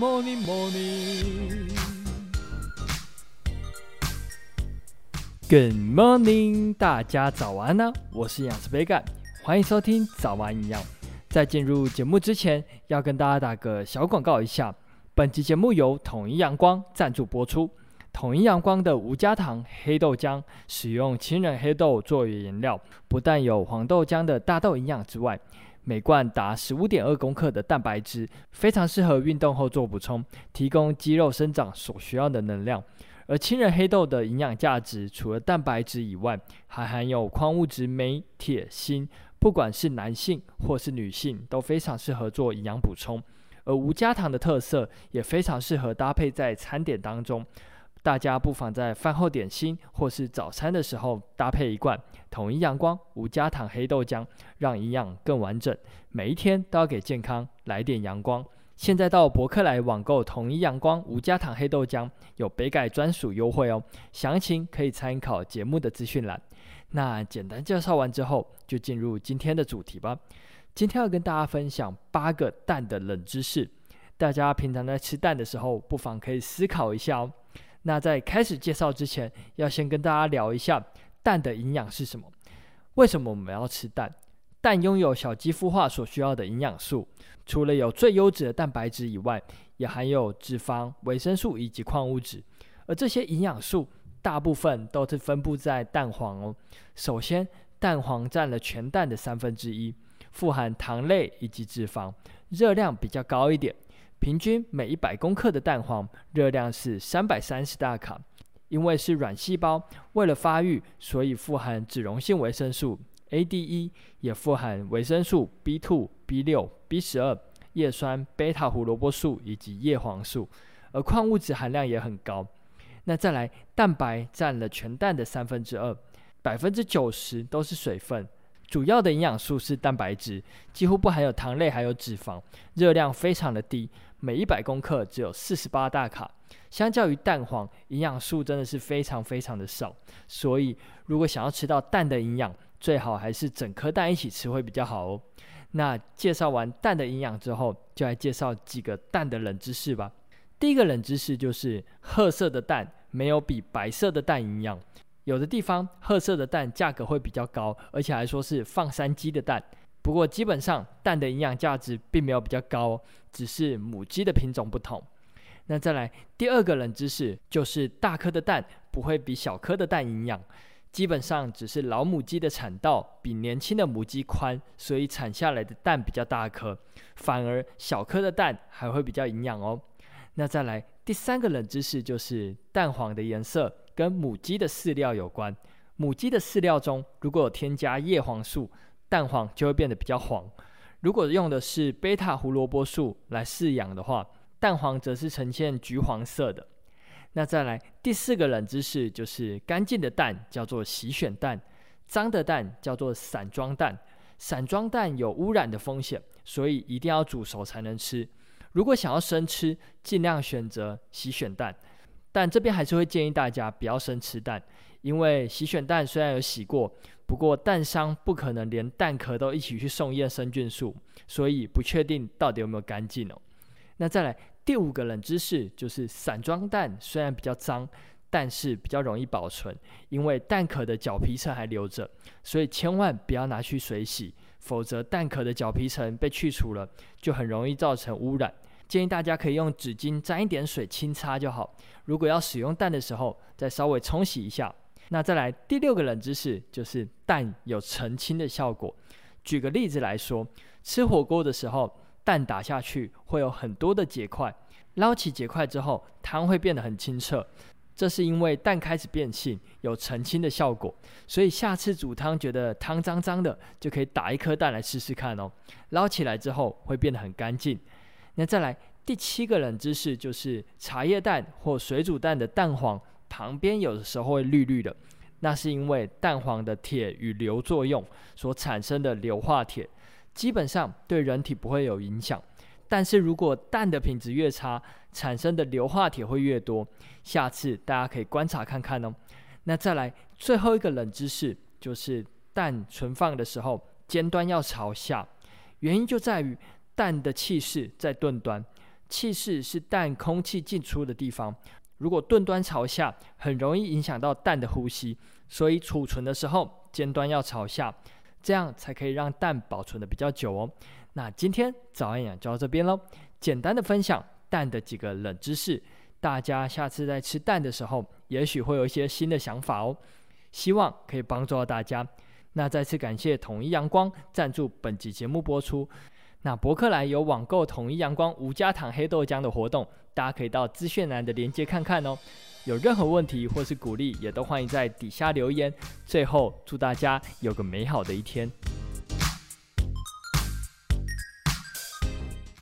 Morning, morning. Good morning，大家早安呢、啊！我是營養師杯蓋歡迎收聽早安營養。在進入節目之前，要跟大家打個小廣告一下。本集節目由統一陽光贊助播出。統一陽光的無加糖黑豆漿，使用青仁黑豆作為原料，不但有黃豆漿的大豆營養之外。每罐達十五點二公克的蛋白質，非常適合運動後做補充，提供肌肉生長所需要的能量。而青仁黑豆的營養價值，除了蛋白質以外，還含有礦物質鎂、鐵、鋅，不管是男性或是女性，都非常適合做營養補充。而無加糖的特色，也非常適合搭配在餐點當中。大家不妨在飯後點心，或是早餐的時候搭配一罐統一陽光無加糖黑豆漿，讓營養更完整。每一天都要給健康來點陽光。現在到博客來網購統一陽光無加糖黑豆漿，有杯蓋專屬優惠哦。詳情可以參考節目的資訊欄。那簡單介紹完之後，就進入今天的主題吧。今天要跟大家分享八個蛋的冷知識，大家平常在吃蛋的時候，不妨可以思考一下哦。那在開始介紹之前，要先跟大家聊一下蛋的營養是什麼？為什麼我們要吃蛋？蛋擁有小雞孵化所需要的營養素，除了有最優質的蛋白質以外，也含有脂肪、維生素以及礦物質。而這些營養素大部分都是分布在蛋黃哦。首先，蛋黃佔了全蛋的三分之一，富含糖類以及脂肪，熱量比較高一點。平均每一百公克的蛋黃熱量是三百三十大卡，因為是卵細胞為了發育，所以富含脂溶性維生素 A、D、E，也富含維生素 B2、B6、B12、葉酸、貝塔胡蘿蔔素以及葉黃素，而礦物質含量也很高。那再來，蛋白占了全蛋的三分之二，百分之九十都是水分，主要的營養素是蛋白質，幾乎不含有糖類還有脂肪，熱量非常的低。每一百公克只有四十八大卡，相較於蛋黃，營養素真的是非常非常的少。所以，如果想要吃到蛋的營養，最好還是整顆蛋一起吃會比較好哦。那介紹完蛋的營養之後，就來介紹幾個蛋的冷知識吧。第一個冷知識就是，褐色的蛋沒有比白色的蛋營養。有的地方褐色的蛋價格會比較高，而且還說是放山雞的蛋。不過，基本上蛋的營養價值並沒有比較高哦，只是母雞的品種不同。那再來第二個冷知識，就是大顆的蛋不會比小顆的蛋營養，基本上只是老母雞的產道比年輕的母雞寬，所以產下來的蛋比較大顆，反而小顆的蛋還會比較營養哦。那再來第三個冷知識，就是蛋黃的顏色跟母雞的飼料有關。母雞的飼料中如果有添加葉黃素，蛋黃就會變得比較黃。如果用的是貝塔胡蘿蔔素來飼養的話，蛋黃則是呈現橘黃色的。那再來，第四個冷知識就是，乾淨的蛋叫做洗選蛋，髒的蛋叫做散裝蛋。散裝蛋有污染的風險，所以一定要煮熟才能吃。如果想要生吃，盡量選擇洗選蛋。但這邊還是會建議大家不要生吃蛋。因為洗選蛋雖然有洗過，不過蛋商不可能連蛋殼都一起去送驗生菌素，所以不確定到底有沒有乾淨哦。那再來，第五個冷知識就是，散裝蛋雖然比較髒，但是比較容易保存，因為蛋殼的角皮層還留着，所以千萬不要拿去水洗，否則蛋殼的角皮層被去除了，就很容易造成污染。建議大家可以用紙巾沾一點水輕擦就好，如果要使用蛋的時候，再稍微沖洗一下。那再來第六個冷知識，就是蛋有澄清的效果。舉個例子來說，吃火鍋的時候，蛋打下去會有很多的結塊，撈起結塊之後，湯會變得很清澈。這是因為蛋開始變性，有澄清的效果。所以下次煮湯覺得湯髒髒的，就可以打一顆蛋來試試看哦。撈起來之後會變得很乾淨。那再來第七個冷知識，就是茶葉蛋或水煮蛋的蛋黃。旁邊有的時候會綠綠的，那是因為蛋黃的鐵與硫作用所產生的硫化鐵，基本上對人體不會有影響。但是如果蛋的品質越差，產生的硫化鐵會越多。下次大家可以觀察看看哦。那再來最後一個冷知識，就是蛋存放的時候尖端要朝下，原因就在於蛋的氣室在鈍端，氣室是蛋空氣進出的地方。如果鈍端朝下，很容易影響到蛋的呼吸，所以儲存的時候尖端要朝下，這樣才可以讓蛋保存得比較久哦。那今天早安營養就到這邊嘍，簡單的分享蛋的幾個冷知識，大家下次在吃蛋的時候，也許會有一些新的想法哦，希望可以幫助到大家。那再次感謝統一陽光贊助本集節目播出。那博客來有網購統一陽光無加糖黑豆漿的活動，大家可以到資訊欄的連結看看哦。有任何問題或是鼓勵，也都歡迎在底下留言。最後，祝大家有個美好的一天。